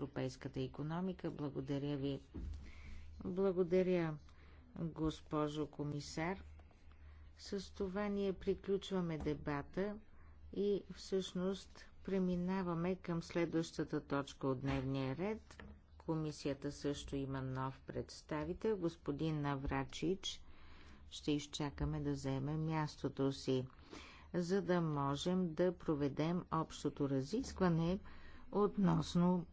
европейската економика. Благодаря ви. Благодаря, госпожо комисар. С това ние приключваме дебата и всъщност преминаваме към следващата точка от дневния ред. Комисията също има нов представител, господин Наврачич. Ще изчакаме да заеме мястото си, за да можем да проведем общото разискване относно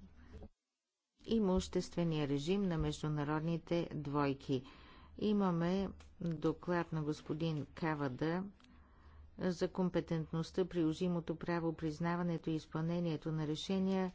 имуществения режим на международните двойки. Имаме доклад на господин Кавада за компетентността, приложимото право, признаването и изпълнението на решения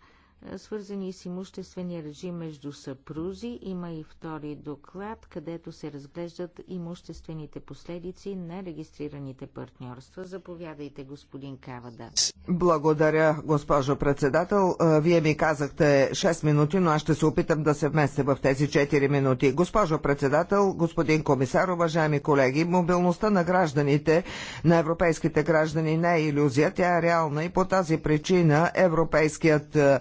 свързани с имуществения режим между съпрузи. Има и втори доклад, където се разглеждат имуществените последици на регистрираните партньорства. Заповядайте, господин Кавада. Благодаря, госпожо председател. Е, вие ми казахте 6 минути, но аз ще се опитам да се вместя в тези 4 минути. Госпожо председател, господин комисар, уважаеми колеги, мобилността на гражданите, на европейските граждани не е иллюзия, тя е реална и по тази причина европейският е,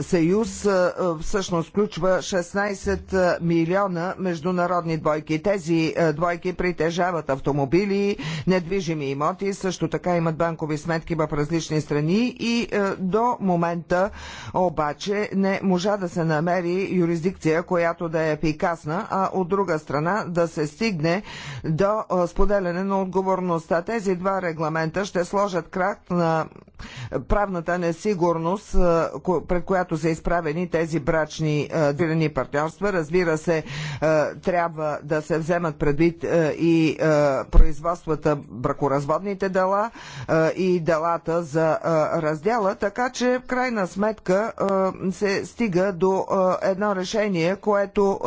съюз всъщност включва 16 милиона международни двойки. Тези двойки притежават автомобили, недвижими имоти, също така имат банкови сметки в различни страни и до момента обаче не можа да се намери юрисдикция, която да е ефикасна, а от друга страна да се стигне до споделяне на отговорността. Тези два регламента ще сложат крак на правната несигурност, пред която са изправени тези брачни е, двирани партньорства. Разбира се, е, трябва да се вземат предвид е, и производствата бракоразводните дела и делата за раздела, така че в крайна сметка се стига до едно решение, което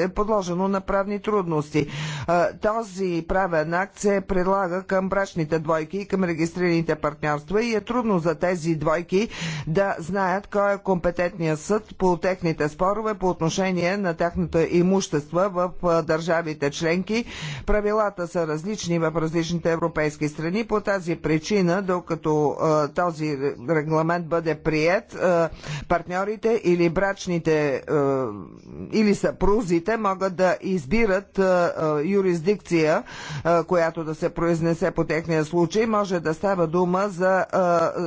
е подложено на правни трудности. Този правен акт се предлага към брачните двойки и към регистрираните партньорства и е трудно за тези двойки да знаят кой Компетентния е компетентният съд по техните спорове по отношение на тяхната имущества в държавите членки. Правилата са различни в различните европейски страни. По тази причина, докато този регламент бъде прият, партньорите или брачните или съпрузите могат да избират юрисдикция, която да се произнесе по техния случай. Може да става дума за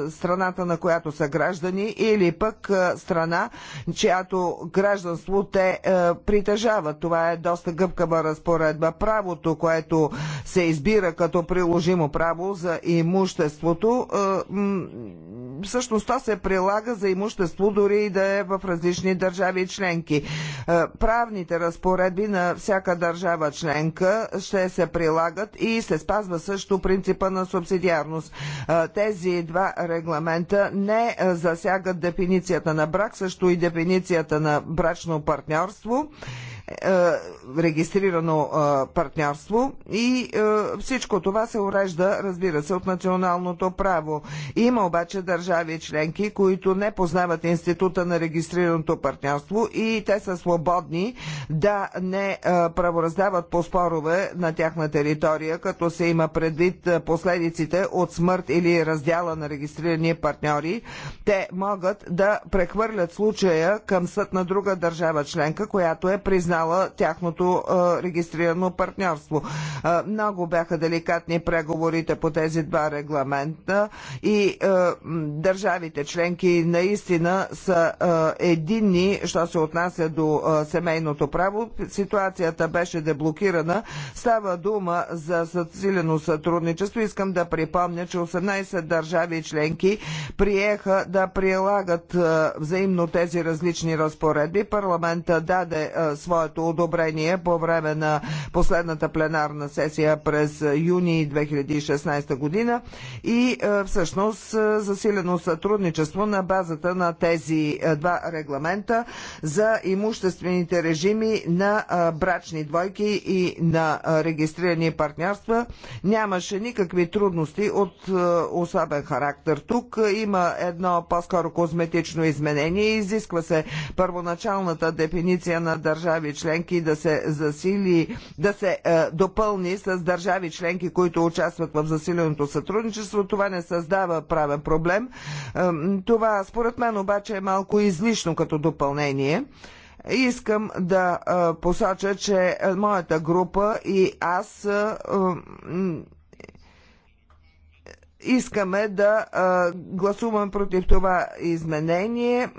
страната, на която са граждани или пък пък страна, чиято гражданство те е, притежават. Това е доста гъвкава разпоредба. Правото, което се избира като приложимо право за имуществото, е, всъщност то се прилага за имущество дори и да е в различни държави и членки. Е, правните разпоредби на всяка държава членка ще се прилагат и се спазва също принципа на субсидиарност. Тези два регламента не засягат дефиниция дефиницията на брак, също и дефиницията на брачно партньорство. Е, регистрирано е, партньорство и е, всичко това се урежда, разбира се, от националното право. Има обаче държави и членки, които не познават института на регистрираното партньорство и те са свободни да не правораздават по спорове на тяхна територия, като се има предвид последиците от смърт или раздяла на регистрирани партньори. Те могат да прехвърлят случая към съд на друга държава членка, която е призната признала тяхното регистрирано партньорство. Много бяха деликатни преговорите по тези два регламента и държавите членки наистина са единни, що се отнася до семейното право. Ситуацията беше деблокирана. Става дума за засилено сътрудничество. Искам да припомня, че 18 държави членки приеха да прилагат взаимно тези различни разпоредби. Парламента даде своя своето одобрение по време на последната пленарна сесия през юни 2016 година и е, всъщност е, засилено сътрудничество на базата на тези е, два регламента за имуществените режими на брачни двойки и на регистрирани партньорства. Нямаше никакви трудности от особен характер. Тук има едно по-скоро козметично изменение. Изисква се първоначалната дефиниция на държави членки да се засили, да се е, допълни с държави членки, които участват в засиленото сътрудничество. Това не създава правен проблем. Е, това според мен обаче е малко излишно като допълнение. Искам да е, посоча, че моята група и аз искаме да а, гласуваме против това изменение.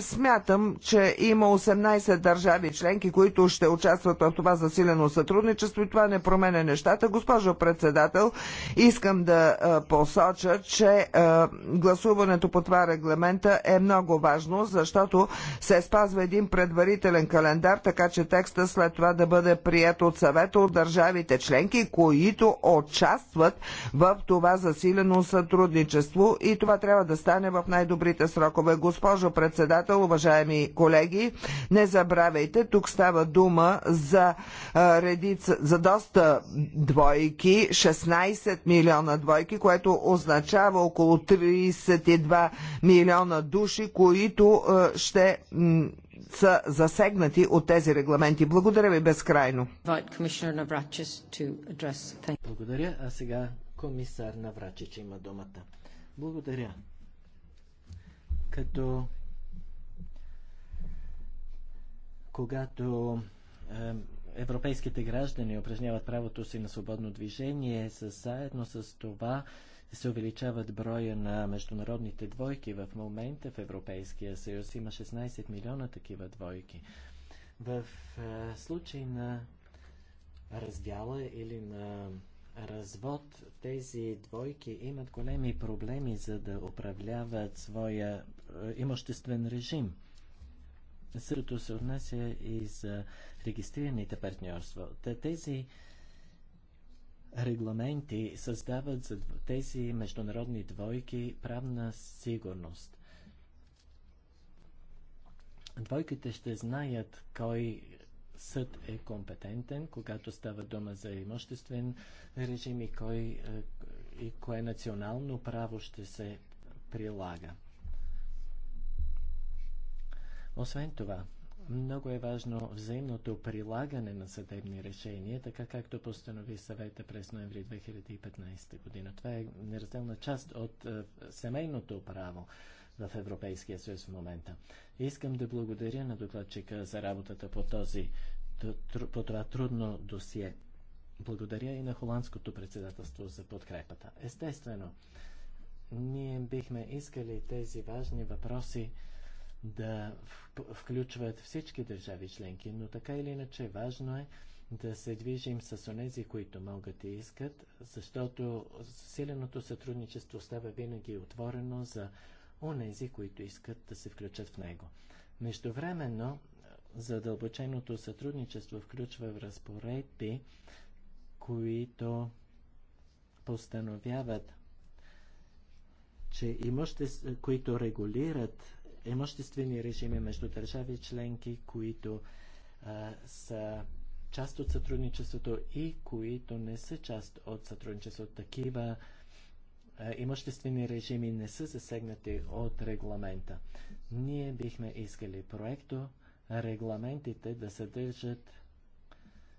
Смятам, че има 18 държави членки, които ще участват в това засилено сътрудничество и това не променя нещата. Госпожо председател, искам да а, посоча, че а, гласуването по това регламента е много важно, защото се спазва един предварителен календар, така че текста след това да бъде прият от съвета от държавите членки, които участват в това засилено взаимно сътрудничество и това трябва да стане в най-добрите срокове. Госпожо председател, уважаеми колеги, не забравяйте, тук става дума за редица, за доста двойки, 16 милиона двойки, което означава около 32 милиона души, които ще са засегнати от тези регламенти. Благодаря ви безкрайно. Благодаря. А сега Комисар Наврачич има думата. Благодаря. Като когато е, европейските граждани упражняват правото си на свободно движение, заедно с това се увеличават броя на международните двойки. В момента в Европейския съюз има 16 милиона такива двойки. В е, случай на раздяла или на развод тези двойки имат големи проблеми за да управляват своя е, имуществен режим. Същото се отнася и за регистрираните партньорства. Тези регламенти създават за тези международни двойки правна сигурност. Двойките ще знаят кой съд е компетентен, когато става дума за имуществен режим и, кой, е, и кое национално право ще се прилага. Освен това, много е важно взаимното прилагане на съдебни решения, така както постанови съвета през ноември 2015 година. Това е неразделна част от е, семейното право в Европейския съюз в момента. Искам да благодаря на докладчика за работата по, този, по това трудно досие. Благодаря и на холандското председателство за подкрепата. Естествено, ние бихме искали тези важни въпроси да включват всички държави членки, но така или иначе важно е да се движим с онези, които могат и искат, защото силеното сътрудничество става винаги отворено за онези, които искат да се включат в него. Междувременно, задълбоченото сътрудничество включва в разпоредби, които постановяват, че имущество, които регулират имуществени режими между държави членки, които а, са част от сътрудничеството и които не са част от сътрудничеството. Такива имуществени режими не са засегнати от регламента. Ние бихме искали проекто регламентите да съдържат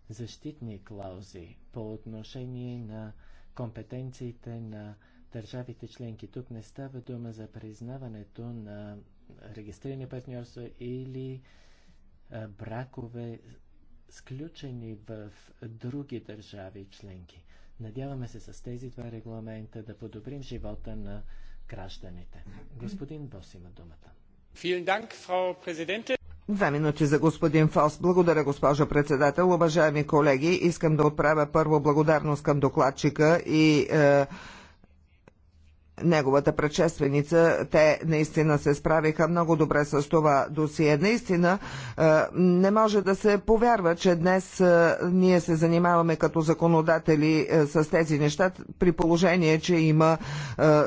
защитни клаузи по отношение на компетенциите на държавите членки. Тук не става дума за признаването на регистрирани партньорства или бракове, сключени в други държави членки. Надяваме се с тези два регламента да подобрим живота на гражданите. Господин Бос има думата. Две минути за господин Фос. Благодаря, госпожо председател. Уважаеми колеги, искам да отправя първо благодарност към докладчика и е, неговата предшественица. Те наистина се справиха много добре с това досие. Наистина е, не може да се повярва, че днес е, ние се занимаваме като законодатели е, с тези неща, при положение, че има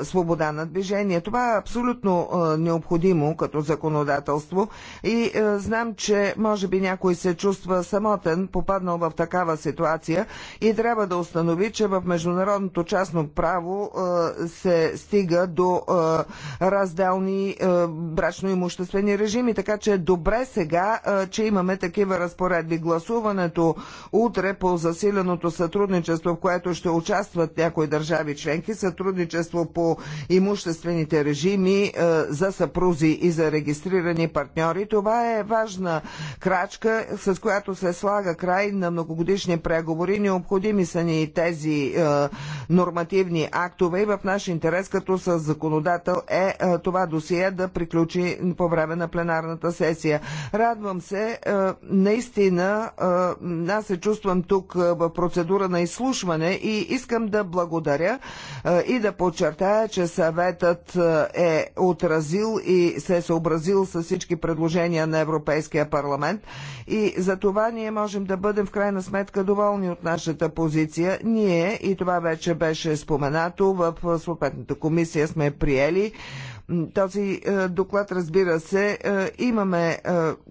свобода на движение. Това е абсолютно необходимо като законодателство и знам, че може би някой се чувства самотен, попаднал в такава ситуация и трябва да установи, че в международното частно право се стига до разделни брачно-имуществени режими. Така че е добре сега, че имаме такива разпоредби. Гласуването утре по засиленото сътрудничество, в което ще участват някои държави членки, сътрудничество по имуществените режими за съпрузи и за регистрирани партньори. Това е важна крачка, с която се слага край на многогодишни преговори. Необходими са ни тези нормативни актове и в наш интерес днес като с законодател е, е това досие да приключи по време на пленарната сесия. Радвам се, е, наистина е, аз се чувствам тук в процедура на изслушване и искам да благодаря и да подчертая, че съветът е отразил и се е съобразил с всички предложения на Европейския парламент и за това ние можем да бъдем в крайна сметка доволни от нашата позиция. Ние, и това вече беше споменато в съответната Европейската комисия сме приели. Този е, доклад, разбира се, е, имаме е,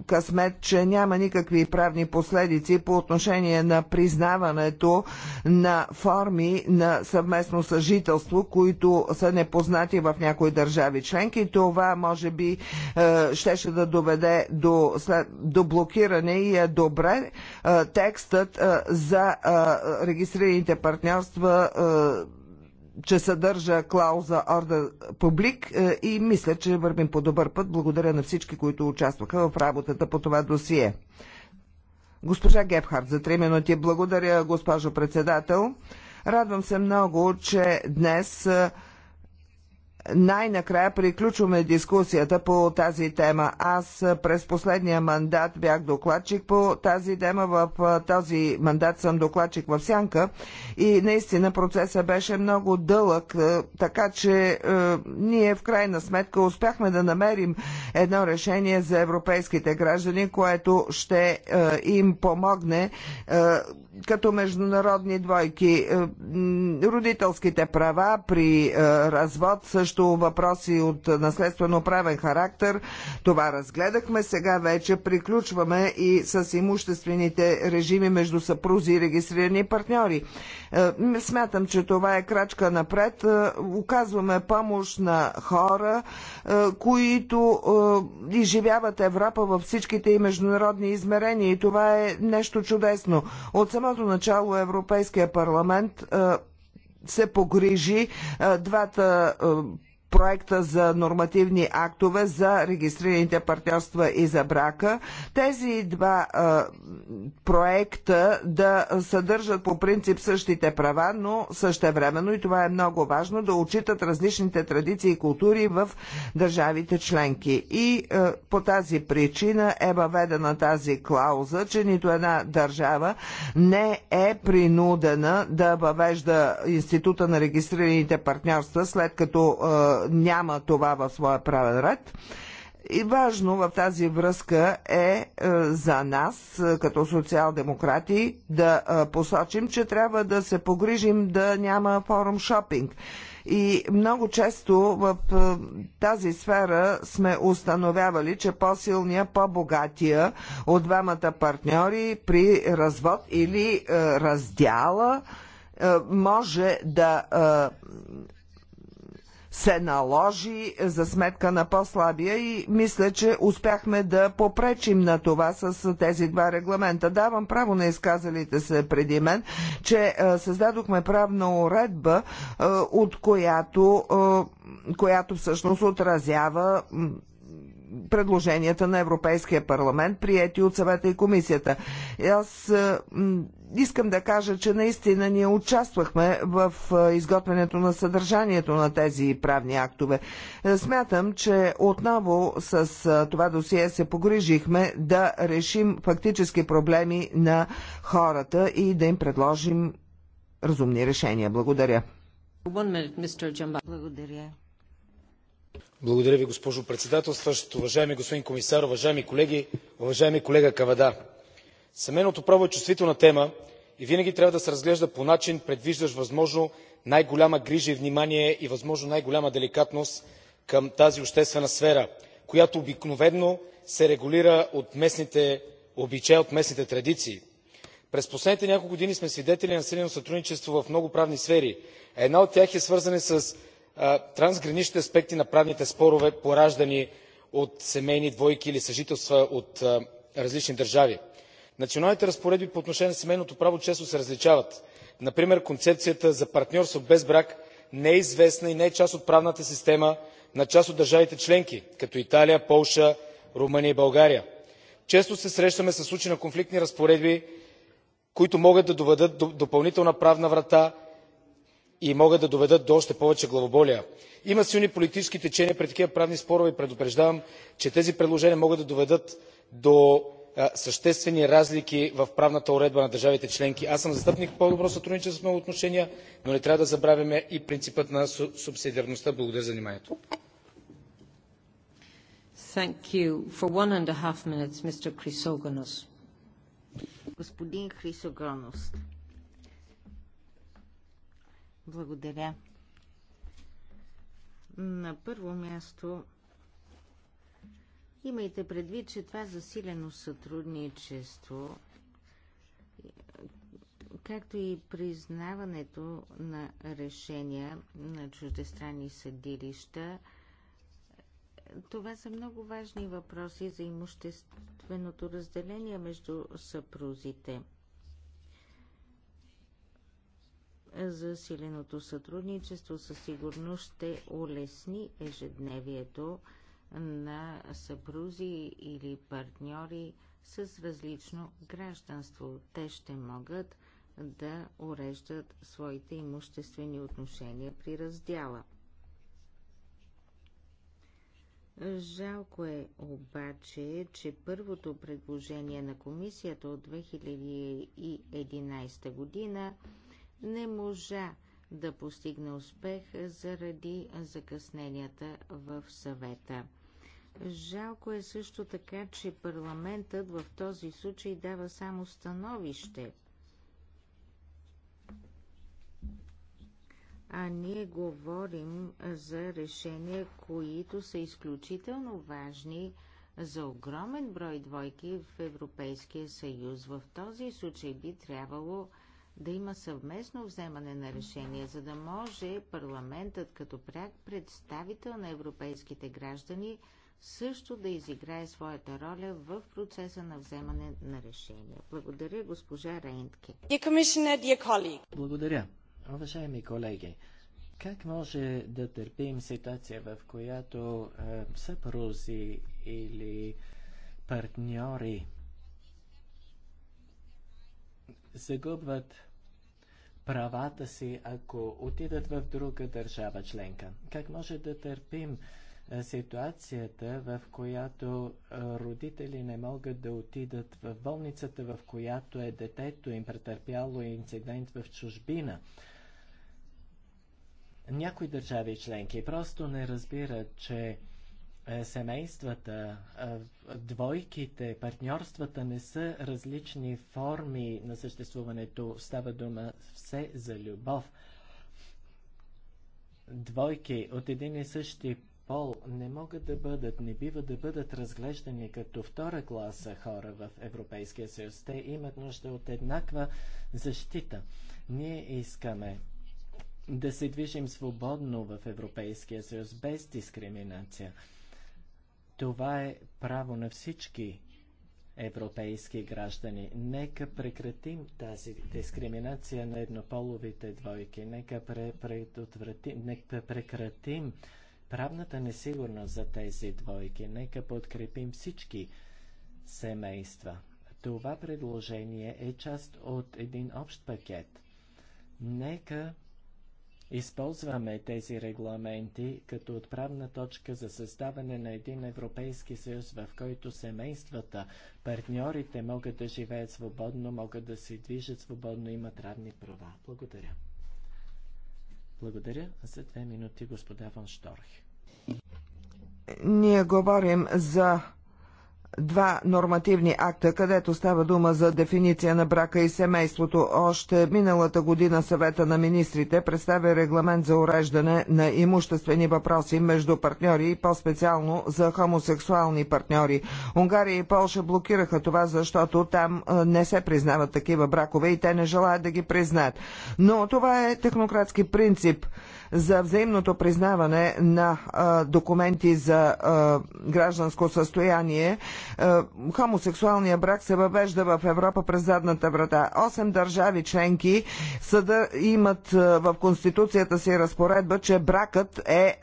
късмет, че няма никакви правни последици по отношение на признаването на форми на съвместно съжителство, които са непознати в някои държави членки. Това може би щеше да доведе до, до блокиране и е добре текстът за регистрираните партньорства че съдържа клауза Орда Публик е, и мисля, че вървим по добър път. Благодаря на всички, които участваха в работата по това досие. Госпожа Гепхард, за три минути. Благодаря, госпожо председател. Радвам се много, че днес е, най-накрая приключваме дискусията по тази тема. Аз през последния мандат бях докладчик по тази тема. В този мандат съм докладчик в Сянка и наистина процесът беше много дълъг, така че е, ние в крайна сметка успяхме да намерим едно решение за европейските граждани, което ще е, им помогне е, като международни двойки. Е, родителските права при е, развод, също въпроси от наследствено-правен характер. Това разгледахме. Сега вече приключваме и с имуществените режими между съпрузи и регистрирани партньори. Е, смятам, че това е крачка напред. Оказваме помощ на хора, които изживяват Европа във всичките и международни измерения. И това е нещо чудесно. От самото начало Европейския парламент се погрижи двата проекта за нормативни актове за регистрираните партньорства и за брака. Тези два а, проекта да съдържат по принцип същите права, но времено, и това е много важно, да отчитат различните традиции и култури в държавите членки. И а, по тази причина е въведена тази клауза, че нито една държава не е принудена да въвежда института на регистрираните партньорства, след като а, няма това в своя правен ред. И важно в тази връзка е, е за нас, е, като социал-демократи, да е, посочим, че трябва да се погрижим да няма форум шопинг. И много често в тази сфера сме установявали, че по-силния, по-богатия от двамата партньори при развод или раздяла може да се наложи за сметка на по-слабия и мисля, че успяхме да попречим на това с тези два регламента. Давам право на изказалите се преди мен, че е, създадохме правна уредба, е, от която, е, която всъщност отразява предложенията на Европейския парламент, приети от съвета и комисията. И аз е, искам да кажа, че наистина ние участвахме в е, изготвянето на съдържанието на тези правни актове. Е, смятам, че отново с това досие се погрижихме да решим фактически проблеми на хората и да им предложим разумни решения. Благодаря. Minute, Благодаря. Благодаря ви, госпожо председателстващ. Уважаеми господин комисар, уважаеми колеги, уважаеми колега Кавада! Семейното право е чувствителна тема и винаги трябва да се разглежда по начин, предвиждащ възможно най-голяма грижа и внимание и възможно най-голяма деликатност към тази обществена сфера, която обикновено се регулира от местните обичаи, от местните традиции. През последните няколко години сме свидетели на силно сътрудничество в много правни сфери. Една от тях е свързана с трансграничните аспекти на правните спорове пораждани от семейни двойки или съжителства от различни държави. националните разпоредби по отношение на семейното право често се различават. например концепцията за партньорство без брак не е известна и не е част от правната система на част от държавите членки като италия полша румъния и българия. често се срещаме със случаи на конфликтни разпоредби които могат да доведат до допълнителна правна врата и могат да доведат до още повече главоболия. има силни политически течения при такива правни спорове и предупреждавам че тези предложения могат да доведат до съществени разлики в правната уредба на държавите членки. аз съм застъпник по добро сътрудничество в много отношения но не трябва да забравяме и принципа на субсидиарността. благодаря за вниманието. Господин Хрисогонос. Благодаря. На първо място имайте предвид, че това засилено сътрудничество, както и признаването на решения на чуждестранни съдилища, това са много важни въпроси за имущественото разделение между съпрузите – Засиленото сътрудничество със сигурност ще улесни ежедневието на съпрузи или партньори с различно гражданство. Те ще могат да уреждат своите имуществени отношения при раздяла. Жалко е обаче, че първото предложение на комисията от 2011 година не можа да постигне успех заради закъсненията в съвета. Жалко е също така, че парламентът в този случай дава само становище, а ние говорим за решения, които са изключително важни за огромен брой двойки в Европейския съюз. В този случай би трябвало да има съвместно вземане на решение, за да може парламентът като пряк представител на европейските граждани също да изиграе своята роля в процеса на вземане на решения. Благодаря, госпожа Рейнтке. Благодаря. Уважаеми колеги, как може да търпим ситуация, в която е, съпрузи или партньори загубват правата си, ако отидат в друга държава членка? Как може да търпим ситуацията, в която родители не могат да отидат в болницата, в която е детето им претърпяло инцидент в чужбина? Някои държави членки просто не разбират, че е, семействата, двойките, партньорствата не са различни форми на съществуването. Става дума все за любов. Двойки от един и същи пол не могат да бъдат, не бива да бъдат разглеждани като втора класа хора в Европейския съюз. Те имат нужда от еднаква защита. Ние искаме да се движим свободно в Европейския съюз без дискриминация. Това е право на всички европейски граждани. Нека прекратим тази дискриминация на еднополовите двойки. Нека, пре, предотвратим, нека прекратим правната несигурност за тези двойки. Нека подкрепим всички семейства. Това предложение е част от един общ пакет. Нека използваме тези регламенти като отправна точка за създаване на един Европейски съюз, в който семействата, партньорите могат да живеят свободно, могат да се движат свободно, имат равни права. Благодаря. Благодаря за две минути, господа Ван Шторх. Ние говорим за два нормативни акта, където става дума за дефиниция на брака и семейството. Още миналата година съвета на министрите представя регламент за уреждане на имуществени въпроси между партньори и по-специално за хомосексуални партньори. Унгария и Полша блокираха това, защото там не се признават такива бракове и те не желаят да ги признаят. Но това е технократски принцип – за взаимното признаване на документи за гражданско състояние. хомосексуалният брак се въвежда в Европа през задната врата. Осем държави членки съда имат в Конституцията си разпоредба, че бракът е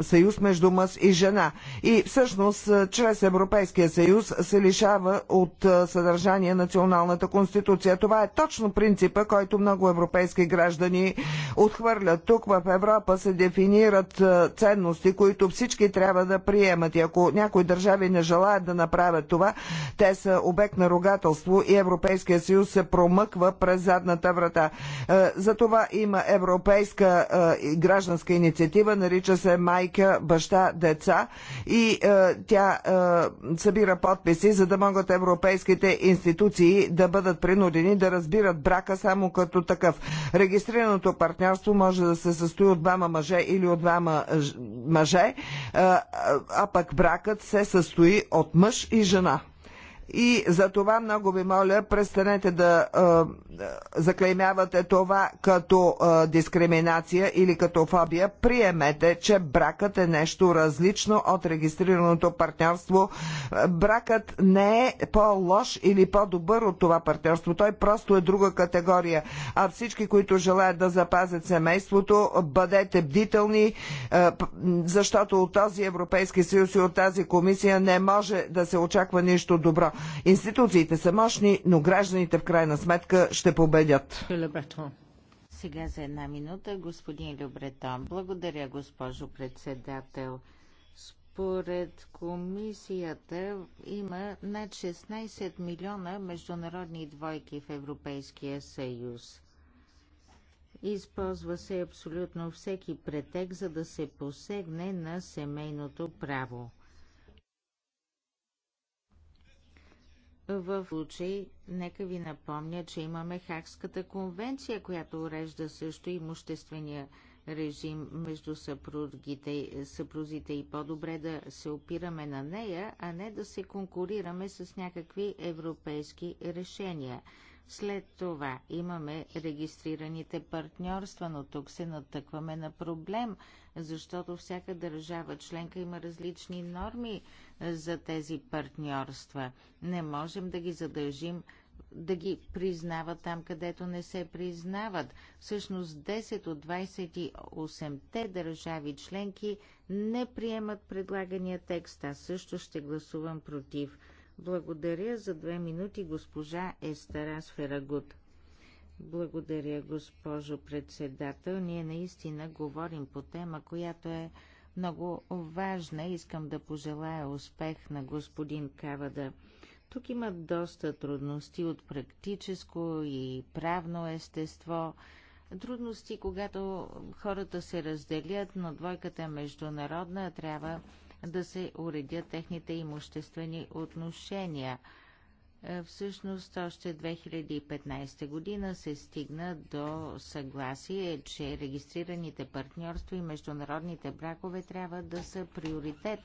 съюз между мъж и жена. И всъщност чрез Европейския съюз се лишава от съдържание националната конституция. Това е точно принципа, който много европейски граждани отхвърлят. Тук в Европа Европа се дефинират е, ценности, които всички трябва да приемат. И ако някои държави не желаят да направят това, те са обект на ругателство и Европейския съюз се промъква през задната врата. Е, затова има европейска е, гражданска инициатива, нарича се Майка, баща, деца и тя събира подписи, за да могат европейските институции да бъдат принудени да разбират брака само като такъв. Регистрираното партньорство може да се състои от двама мъже или от двама мъже, а пък бракът се състои от мъж и жена. И за това много ви моля, престанете да е, заклеймявате това като е, дискриминация или като фобия. Приемете, че бракът е нещо различно от регистрираното партньорство. Бракът не е по-лош или по-добър от това партньорство. Той просто е друга категория. А всички, които желаят да запазят семейството, бъдете бдителни, е, защото от този Европейски съюз и от тази комисия не може да се очаква нищо добро. Институциите са мощни, но гражданите в крайна сметка ще победят. Сега за една минута господин Любретон. Благодаря, госпожо председател. Според комисията има над 16 милиона международни двойки в Европейския съюз. Използва се абсолютно всеки претек, за да се посегне на семейното право. В случай, нека ви напомня, че имаме Хакската конвенция, която урежда също имуществения режим между съпругите, съпрузите и по-добре да се опираме на нея, а не да се конкурираме с някакви европейски решения. След това имаме регистрираните партньорства, но тук се натъкваме на проблем, защото всяка държава членка има различни норми за тези партньорства. Не можем да ги задължим да ги признават там, където не се признават. Всъщност 10 от 28-те държави членки не приемат предлагания текст. Аз също ще гласувам против. Благодаря за две минути госпожа Естерас Ферагут. Благодаря, госпожо председател. Ние наистина говорим по тема, която е много важна. Искам да пожелая успех на господин Кавада. Тук има доста трудности от практическо и правно естество. Трудности, когато хората се разделят, но двойката е международна, трябва да се уредят техните имуществени отношения – е, всъщност още 2015 година се стигна до съгласие, че регистрираните партньорства и международните бракове трябва да са приоритет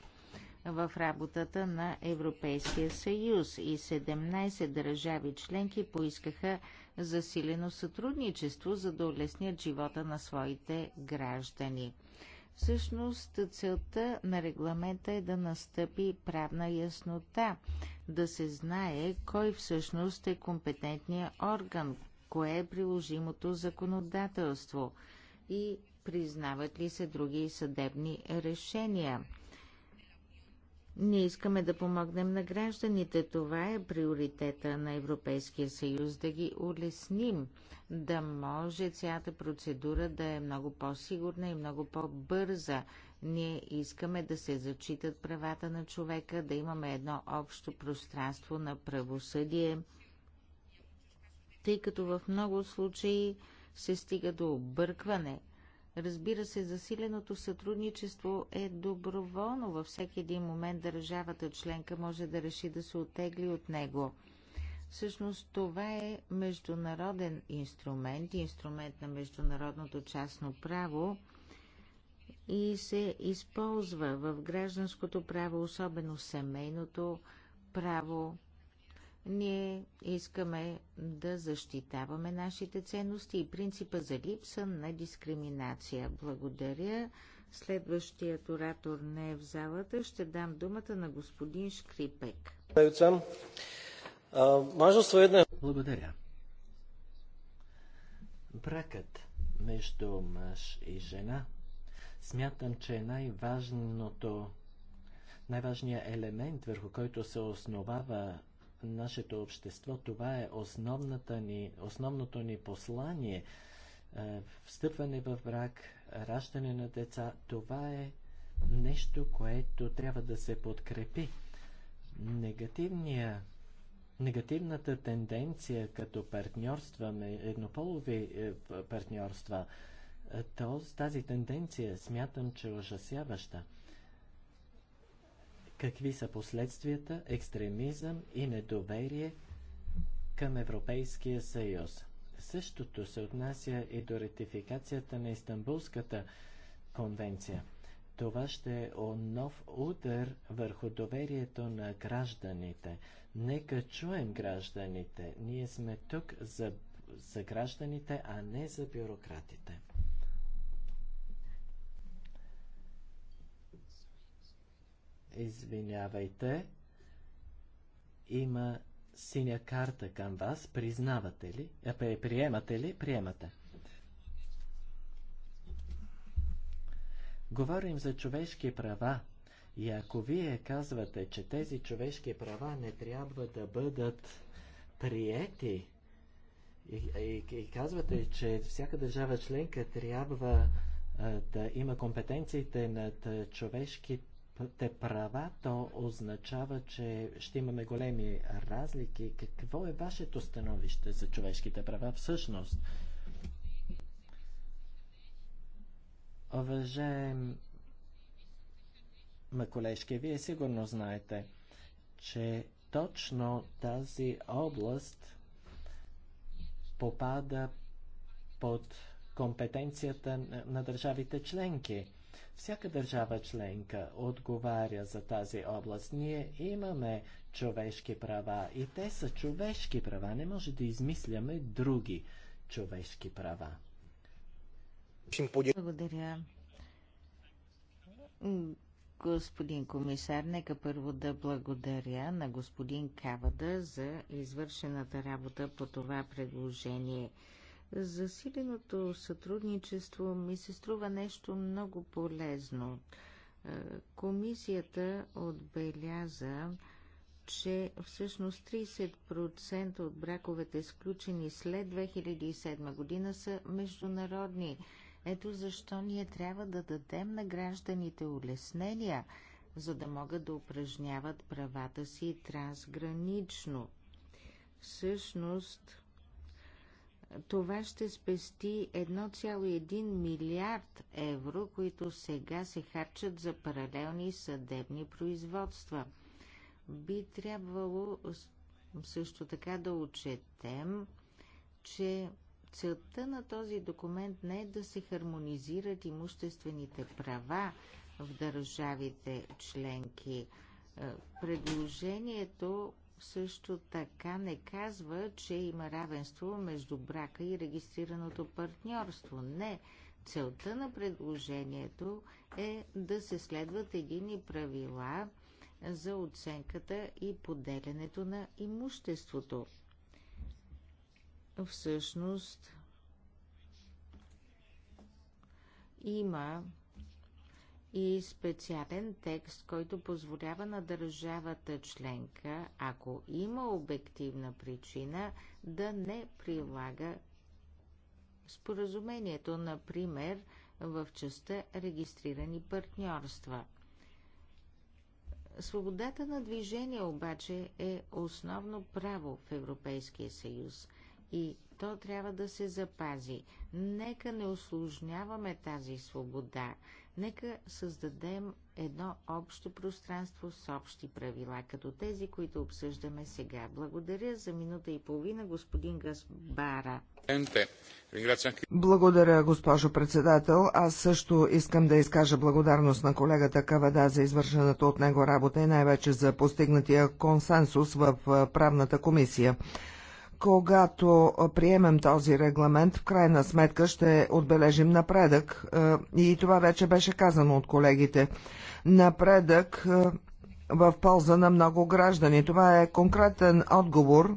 в работата на Европейския съюз и 17 държави членки поискаха засилено сътрудничество, за да улеснят живота на своите граждани. Всъщност целта на регламента е да настъпи правна яснота, да се знае кой всъщност е компетентният орган, кое е приложимото законодателство и признават ли се други съдебни решения. Ние искаме да помогнем на гражданите. Това е приоритета на Европейския съюз, да ги улесним, да може цялата процедура да е много по-сигурна и много по-бърза. Ние искаме да се зачитат правата на човека, да имаме едно общо пространство на правосъдие, тъй като в много случаи се стига до объркване – Разбира се, засиленото сътрудничество е доброволно. Във всеки един момент държавата членка може да реши да се отегли от него. Всъщност това е международен инструмент, инструмент на международното частно право и се използва в гражданското право, особено семейното право, ние искаме да защитаваме нашите ценности и принципа за липса на дискриминация. Благодаря. Следващият оратор не е в залата. Ще дам думата на господин Шкрипек. Е Благодаря. Бракът между мъж и жена смятам, че е най-важното, най-важният елемент, върху който се основава нашето общество. Това е основната ни, основното ни послание. Е, встъпване в брак, раждане на деца, това е нещо, което трябва да се подкрепи. Негативния негативната тенденция като е, партньорства, еднополови партньорства, то, тази тенденция смятам, че е ужасяваща какви са последствията, екстремизъм и недоверие към Европейския съюз. Същото се отнася и до ратификацията на Истанбулската конвенция. Това ще е нов удар върху доверието на гражданите. Нека чуем гражданите. Ние сме тук за, за гражданите, а не за бюрократите. Извинявайте. Има синя карта към вас. Признавате ли? Е, приемате ли? Приемате. Говорим за човешки права. И ако вие казвате, че тези човешки права не трябва да бъдат приети, и, и, и казвате, че всяка държава членка трябва а, да има компетенциите над човешките те права, то означава, че ще имаме големи разлики. Какво е вашето становище за човешките права всъщност? Уважаем Маколешки, колежки, вие сигурно знаете, че точно тази област попада под компетенцията на държавите членки. Всяка държава членка отговаря за тази област. Ние имаме човешки права и те са човешки права. Не може да измисляме други човешки права. Благодаря. Господин комисар, нека първо да благодаря на господин Кавада за извършената работа по това предложение. Засиленото сътрудничество ми се струва нещо много полезно. Е, комисията отбеляза, че всъщност 30% от браковете, сключени след 2007 година, са международни. Ето защо ние трябва да дадем на гражданите улеснения, за да могат да упражняват правата си трансгранично. Всъщност, това ще спести 1,1 милиард евро, които сега се харчат за паралелни съдебни производства. Би трябвало също така да отчетем, че целта на този документ не е да се хармонизират имуществените права в държавите членки. Е, предложението също така не казва, че има равенство между брака и регистрираното партньорство. Не. Целта на предложението е да се следват едини правила за оценката и поделянето на имуществото. Всъщност има и специален текст, който позволява на държавата членка, ако има обективна причина, да не прилага споразумението, например, в частта регистрирани партньорства. Свободата на движение обаче е основно право в Европейския съюз и то трябва да се запази. Нека не осложняваме тази свобода, Нека създадем едно общо пространство с общи правила, като тези, които обсъждаме сега. Благодаря за минута и половина, господин Гасбара. Благодаря, госпожо председател. Аз също искам да изкажа благодарност на колегата Кавада за извършената от него работа и най-вече за постигнатия консенсус в правната комисия когато приемем този регламент, в крайна сметка ще отбележим напредък. И това вече беше казано от колегите. Напредък в полза на много граждани. Това е конкретен отговор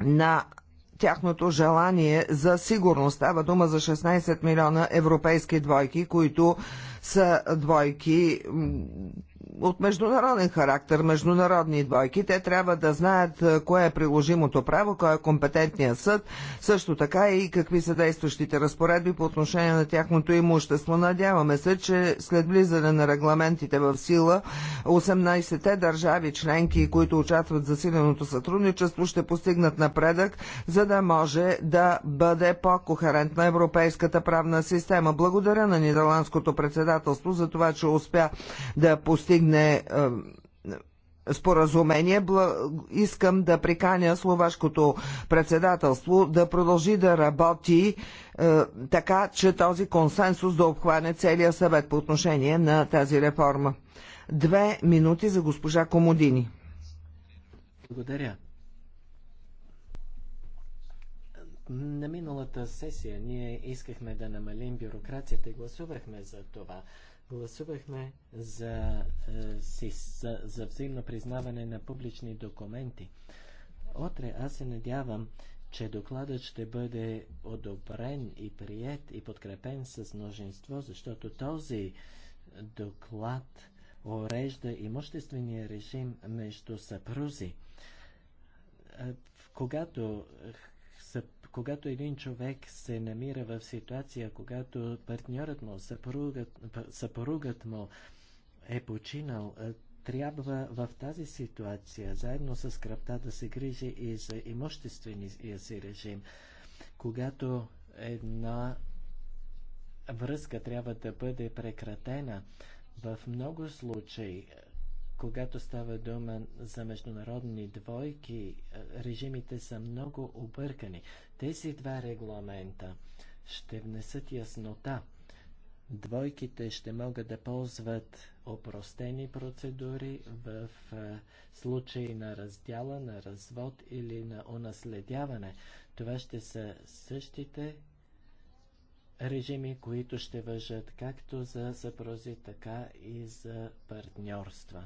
на тяхното желание за сигурност. Става дума за 16 милиона европейски двойки, които са двойки от международен характер, международни двойки. Те трябва да знаят кое е приложимото право, кой е компетентният съд, също така и какви са действащите разпоредби по отношение на тяхното имущество. Надяваме се, че след влизане на регламентите в сила, 18-те държави членки, които участват за силеното сътрудничество, ще постигнат напредък, за да може да бъде по-кохерентна европейската правна система. Благодаря на Нидерландското председателство за това, че успя да постигне постигне споразумение. Искам да приканя словашкото председателство да продължи да работи е, така, че този консенсус да обхване целия съвет по отношение на тази реформа. Две минути за госпожа Комодини. Благодаря. На миналата сесия ние искахме да намалим бюрокрацията и гласувахме за това гласувахме за, е, за, за взаимно признаване на публични документи. Отре аз се надявам, че докладът ще бъде одобрен и прият и подкрепен с множество, защото този доклад урежда имуществения режим между съпрузи. Е, когато когато един човек се намира в ситуация, когато партньорът му, съпругът, съпругът му е починал, е, трябва в тази ситуация, заедно с кръвта, да се грижи и за имуществения си режим. Когато една връзка трябва да бъде прекратена, в много случаи е, когато става дума за международни двойки, режимите са много объркани. Тези два регламента ще внесат яснота. Двойките ще могат да ползват опростени процедури в случаи на раздяла, на развод или на унаследяване. Това ще са същите режими, които ще въжат както за съпрози, така и за партньорства.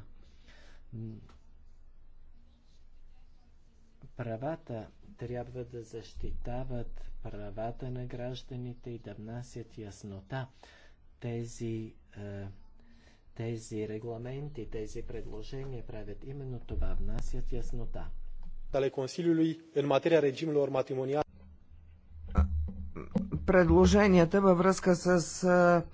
Правата трябва да защитават правата на гражданите и да внасят яснота. Тези, е, тези регламенти, тези предложения правят именно това, внасят яснота. Але Консилиului în materia regimelor matrimoniale. Предложенията във връзка с е,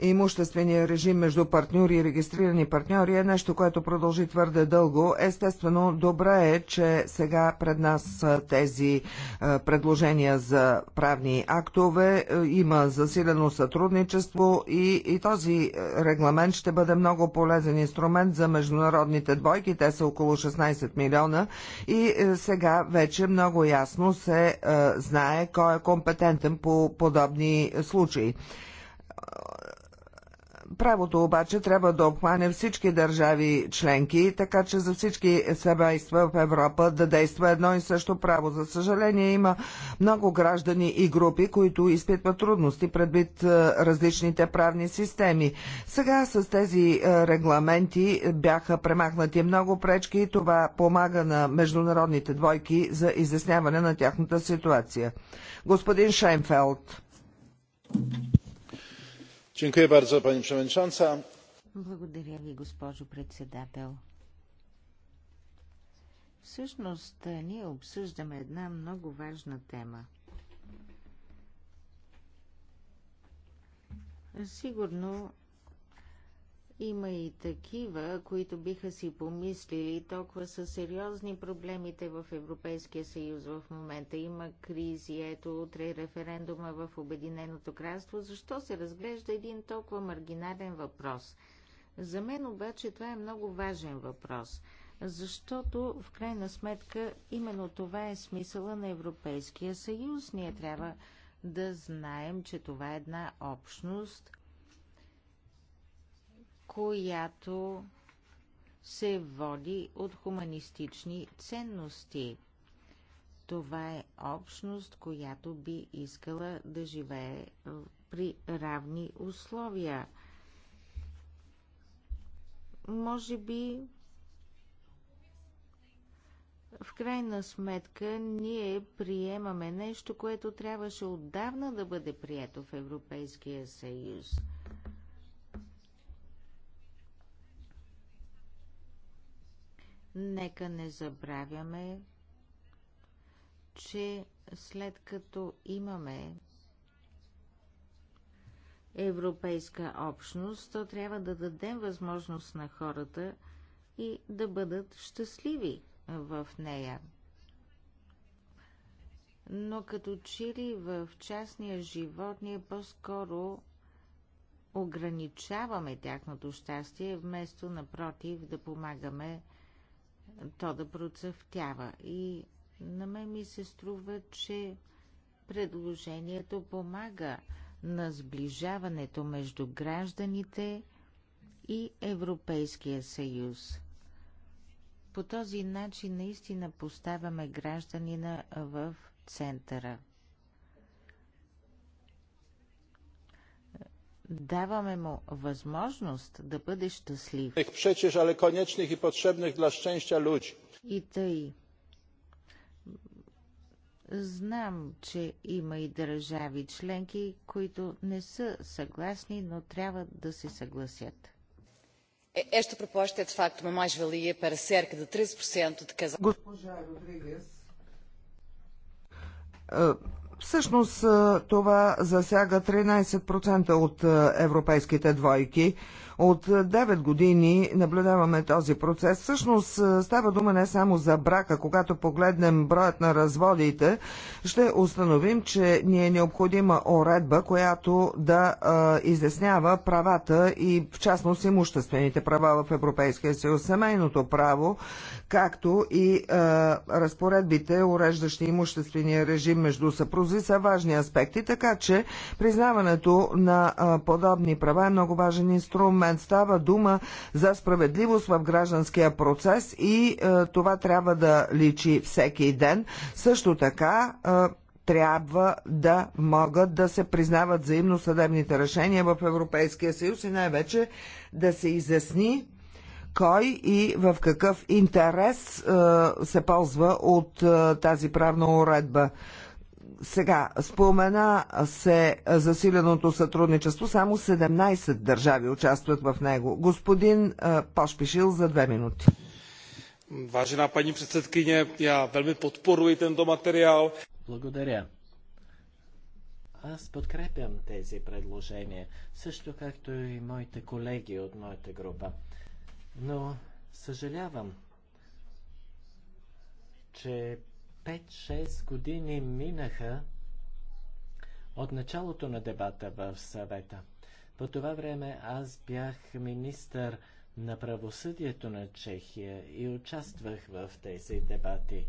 имуществения режим между партньори и регистрирани партньори е нещо, което продължи твърде дълго. Естествено, добре е, че сега пред нас са тези е, предложения за правни актове. Е, има засилено сътрудничество и, и този е, регламент ще бъде много полезен инструмент за международните двойки. Те са около 16 милиона и сега вече много ясно се знае кой е компетентен по подобни случаи Правото обаче трябва да обхване всички държави членки, така че за всички семейства в Европа да действа едно и също право. За съжаление има много граждани и групи, които изпитват трудности предвид е, различните правни системи. Сега с тези е, регламенти бяха премахнати много пречки и това помага на международните двойки за изясняване на тяхната ситуация. Господин Шейнфелд. Благодаря ви, госпожо председател. Всъщност, е, ние обсъждаме една много важна тема. Сигурно има и такива, които биха си помислили, толкова са сериозни проблемите в Европейския съюз в момента. Има кризи, ето утре е референдума в Обединеното кралство. Защо се разглежда един толкова маргинален въпрос? За мен обаче това е много важен въпрос, защото в крайна сметка именно това е смисъла на Европейския съюз. Ние трябва да знаем, че това е една общност, която се води от хуманистични ценности. Това е общност, която би искала да живее при равни условия. Може би в крайна сметка ние приемаме нещо, което трябваше отдавна да бъде прието в Европейския съюз – Нека не забравяме, че след като имаме европейска общност, то трябва да дадем възможност на хората и да бъдат щастливи в нея. Но като чили в частния живот ние по-скоро ограничаваме тяхното щастие, вместо напротив да помагаме то да процъфтява. И на мен ми се струва, че предложението помага на сближаването между гражданите и Европейския съюз. По този начин наистина поставяме гражданина в центъра. Даваме му възможност да бъде щастлив. Przecież, ale koniecznych i potrzebnych dla szczęścia ludzi. И тъй. Знам, че има и държави членки, които не са съгласни, но трябва да се съгласят. Esta proposta é de facto uma mais-valia para cerca de 13% de casais. Госпожа Родригес, е, Всъщност това засяга 13% от европейските двойки. От 9 е, години наблюдаваме този процес. Всъщност е, става дума не само за брака. Когато погледнем броят на разводите, ще установим, че ни е необходима уредба, която да а, е, изяснява правата и в частност имуществените права в Европейския съюз, семейното право, както и а, разпоредбите, уреждащи имуществения режим между съпрузи, са важни аспекти, така че признаването на а, подобни права е много важен инструмент момент Става дума за справедливост в гражданския процес и е, това трябва да личи всеки ден. Също така е, трябва да могат да се признават взаимно съдебните решения в Европейския съюз и най-вече да се изясни кой и в какъв интерес е, се ползва от е, тази правна уредба. Сега, спомена се засиленото сътрудничество, само 17 държави участват в него. Господин е, Пошпишил за две минути. Vážená пани председкиня, я velmi podporuji до материал. Благодаря. Аз подкрепям тези предложения, също както и моите колеги от моята група. Но съжалявам, че 5-6 години минаха от началото на дебата в съвета. По това време аз бях министър на правосъдието на Чехия и участвах в тези дебати.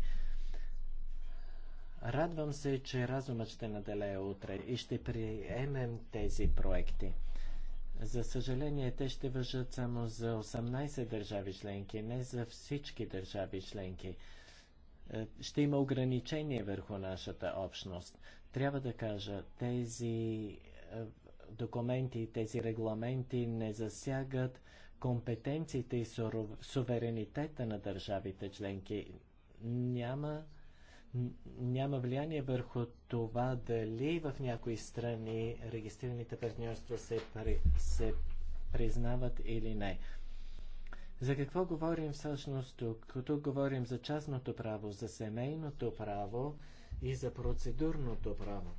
Радвам се, че разумът ще наделее утре и ще приемем тези проекти. За съжаление, те ще въжат само за 18 държави членки, не за всички държави членки. Е, ще има ограничение върху нашата общност. Трябва да кажа, тези е, документи, тези регламенти не засягат компетенциите и суверенитета на държавите членки. Няма, няма влияние върху това дали в някои страни регистрираните партньорства се, при, се признават или не. За какво говорим всъщност тук? Тук говорим за частното право, за семейното право и за процедурното право.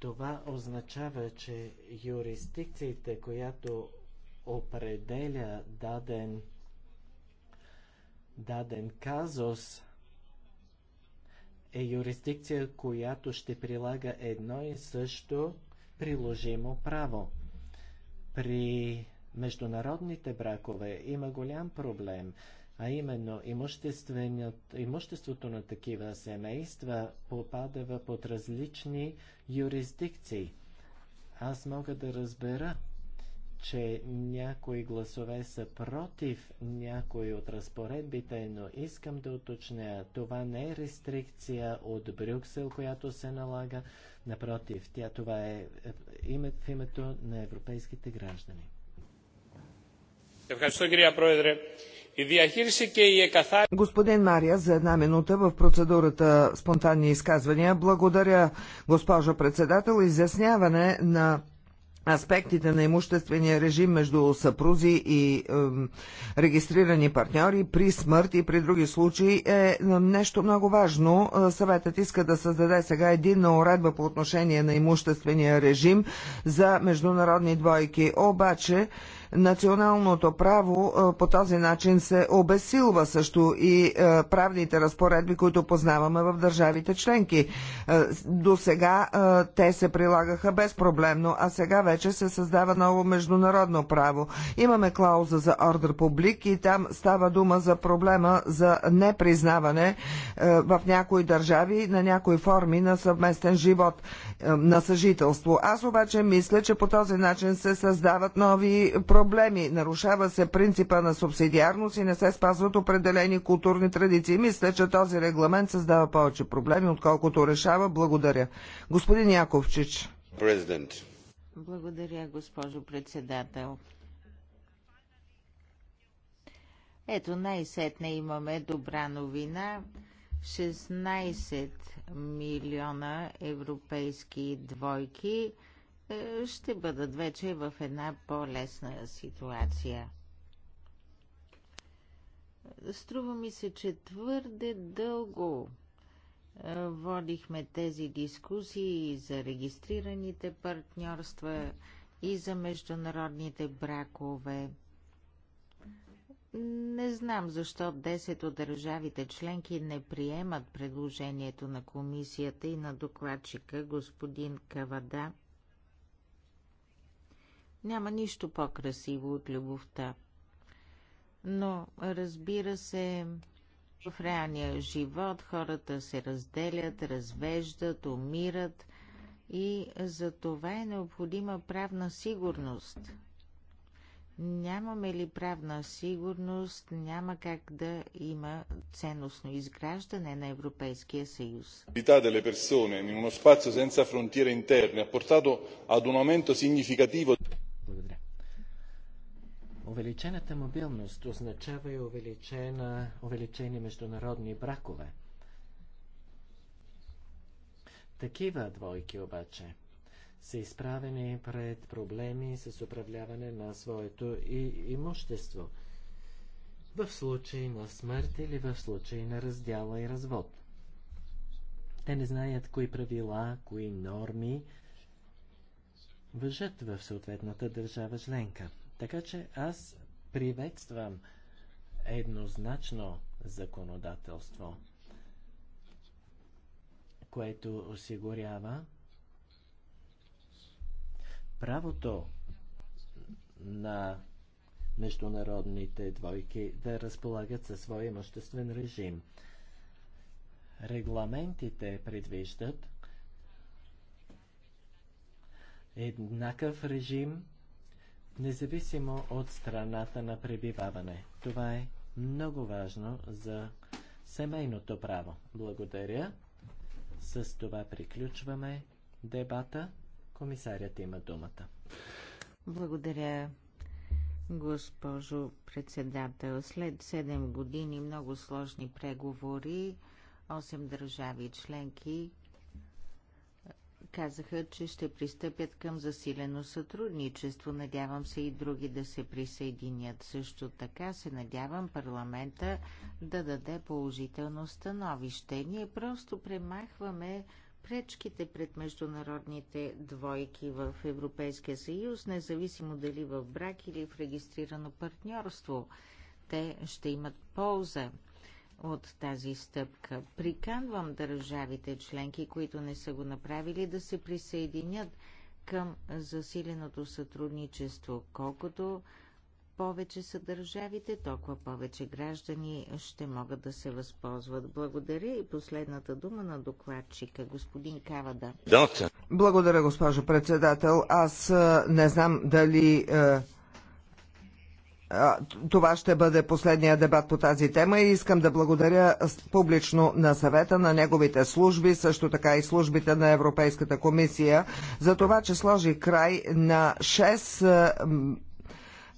Това означава, че юрисдикцията, която определя даден, даден казус, е юрисдикция, която ще прилага едно и също приложимо право. При международните бракове има голям проблем, а именно имуществото на такива семейства попадава под различни юрисдикции. Аз мога да разбера, че някои гласове са против някои от разпоредбите, но искам да уточня, това не е рестрикция от Брюксел, която се налага. Напротив, тя това е, е в името на европейските граждани. Господин Мария, за една минута в процедурата спонтанни изказвания. Благодаря, госпожо председател. Изясняване на аспектите на имуществения режим между съпрузи и е, регистрирани партньори при смърт и при други случаи е нещо много важно. Е, съветът иска да създаде сега единна уредба по отношение на имуществения режим за международни двойки. Обаче, Националното право по този начин се обесилва също и правните разпоредби, които познаваме в държавите членки. До сега те се прилагаха безпроблемно, а сега вече се създава ново международно право. Имаме клауза за ордер публик и там става дума за проблема за непризнаване в някои държави на някои форми на съвместен живот, на съжителство. Аз обаче мисля, че по този начин се създават нови проблеми проблеми. Нарушава се принципа на субсидиарност и не се спазват определени културни традиции. Мисля, че този регламент създава повече проблеми, отколкото решава. Благодаря. Господин Яковчич. Президент. Благодаря, госпожо председател. Ето най-сетне имаме добра новина. 16 милиона европейски двойки – е, ще бъдат вече в една по-лесна ситуация. Струва ми се, че твърде дълго е, водихме тези дискусии за регистрираните партньорства, и за международните бракове. Не знам защо 10 от държавите членки не приемат предложението на комисията и на докладчика господин Кавада – няма нищо по-красиво от любовта. Но, разбира се, в реалния живот хората се разделят, развеждат, умират и за това е необходима правна сигурност. Нямаме ли правна сигурност, няма как да има ценностно изграждане на Европейския съюз. delle persone in uno spazio senza frontiere interne ha portato ad un aumento significativo Увеличената мобилност означава и увеличена, увеличени международни бракове. Такива двойки обаче са изправени пред проблеми с управляване на своето и имущество в случай на смърт или в случай на раздяла и развод. Те не знаят кои правила, кои норми въжат в съответната държава членка. Така че аз приветствам еднозначно законодателство, което осигурява правото на международните двойки да разполагат със своя имуществен режим. Регламентите предвиждат еднакъв режим независимо от страната на пребиваване. Това е много важно за семейното право. Благодаря. С това приключваме дебата. Комисарят има думата. Благодаря, госпожо председател. След 7 години много сложни преговори, 8 държави членки казаха, че ще пристъпят към засилено сътрудничество. Надявам се и други да се присъединят. Също така се надявам парламента да даде положително становище. Ние просто премахваме пречките пред международните двойки в Европейския съюз, независимо дали в брак или в регистрирано партньорство. Те ще имат полза от тази стъпка. Приканвам държавите членки, които не са го направили, да се присъединят към засиленото сътрудничество. Колкото повече са държавите, толкова повече граждани ще могат да се възползват. Благодаря и последната дума на докладчика, господин Кавада. Благодаря, госпожо председател. Аз не знам дали това ще бъде последния дебат по тази тема и искам да благодаря публично на съвета, на неговите служби, също така и службите на Европейската комисия, за това, че сложи край на 6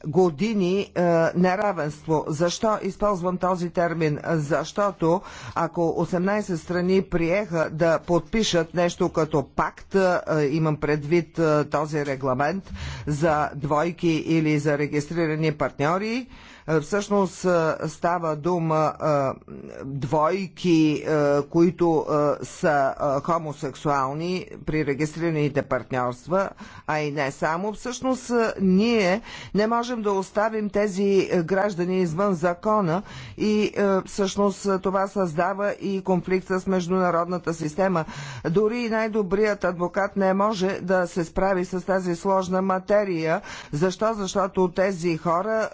години е, неравенство. Защо използвам този термин? Защото ако 18 страни приеха да подпишат нещо като пакт, е, имам предвид е, този регламент за двойки или за регистрирани партньори, е, е, всъщност е, става дума е, двойки, които са хомосексуални при регистрираните партньорства, а и не само. Всъщност ние не можем да оставим тези граждани извън закона и всъщност това създава и конфликт с международната система. Дори и най-добрият адвокат не може да се справи с тази сложна материя. Защо? Защото тези хора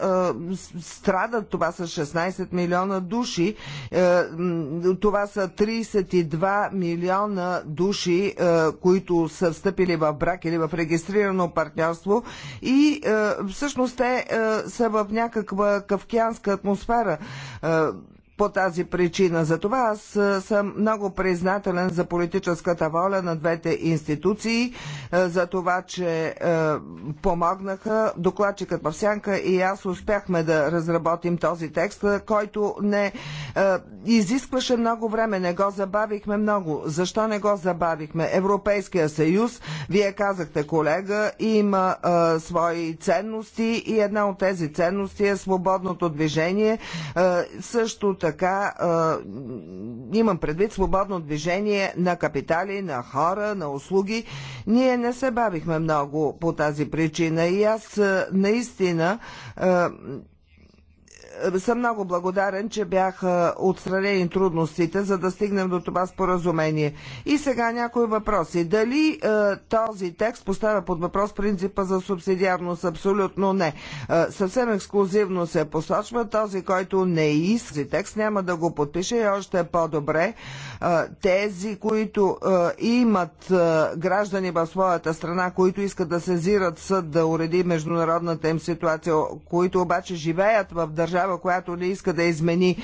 страдат. Това са 16 милиона души. Е, това са 32 милиона души, е, които са встъпили в брак или в регистрирано партньорство и е, всъщност те са в някаква кавкианска атмосфера по тази причина. Затова аз съм много признателен за политическата воля на двете институции, за това, че помогнаха. Докладчикът Павсянка и аз успяхме да разработим този текст, който не изискваше много време. Не го забавихме много. Защо не го забавихме? Европейския съюз, вие казахте, колега, има свои ценности и една от тези ценности е свободното движение. Също така така е, имам предвид свободно движение на капитали, на хора, на услуги. Ние не се бавихме много по тази причина и аз наистина е, съм много благодарен, че бяха отстранени трудностите, за да стигнем до това споразумение. И сега някои въпроси. Дали е, този текст поставя под въпрос принципа за субсидиарност? Абсолютно не. Е, съвсем ексклюзивно се посочва този, който не иска текст, няма да го подпише и още е по-добре е, тези, които е, имат е, граждани в своята страна, които искат да сезират съд да уреди международната им ситуация, които обаче живеят в държава държава, която не иска да измени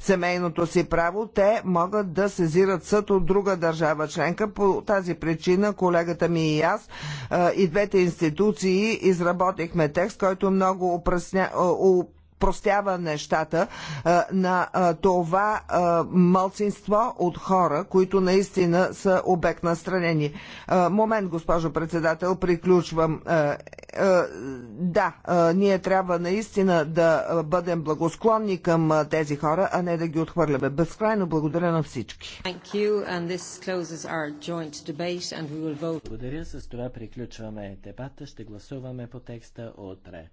семейното си право, те могат да сезират съд от друга държава членка. По тази причина колегата ми и аз и двете институции изработихме текст, който много опресня, простява нещата на това мълцинство от хора, които наистина са обект на странение. Момент, госпожо председател, приключвам. Да, ние трябва наистина да бъдем благосклонни към тези хора, а не да ги отхвърляме. Безкрайно благодаря на всички. Благодаря. С това приключваме дебата. Ще гласуваме по текста утре.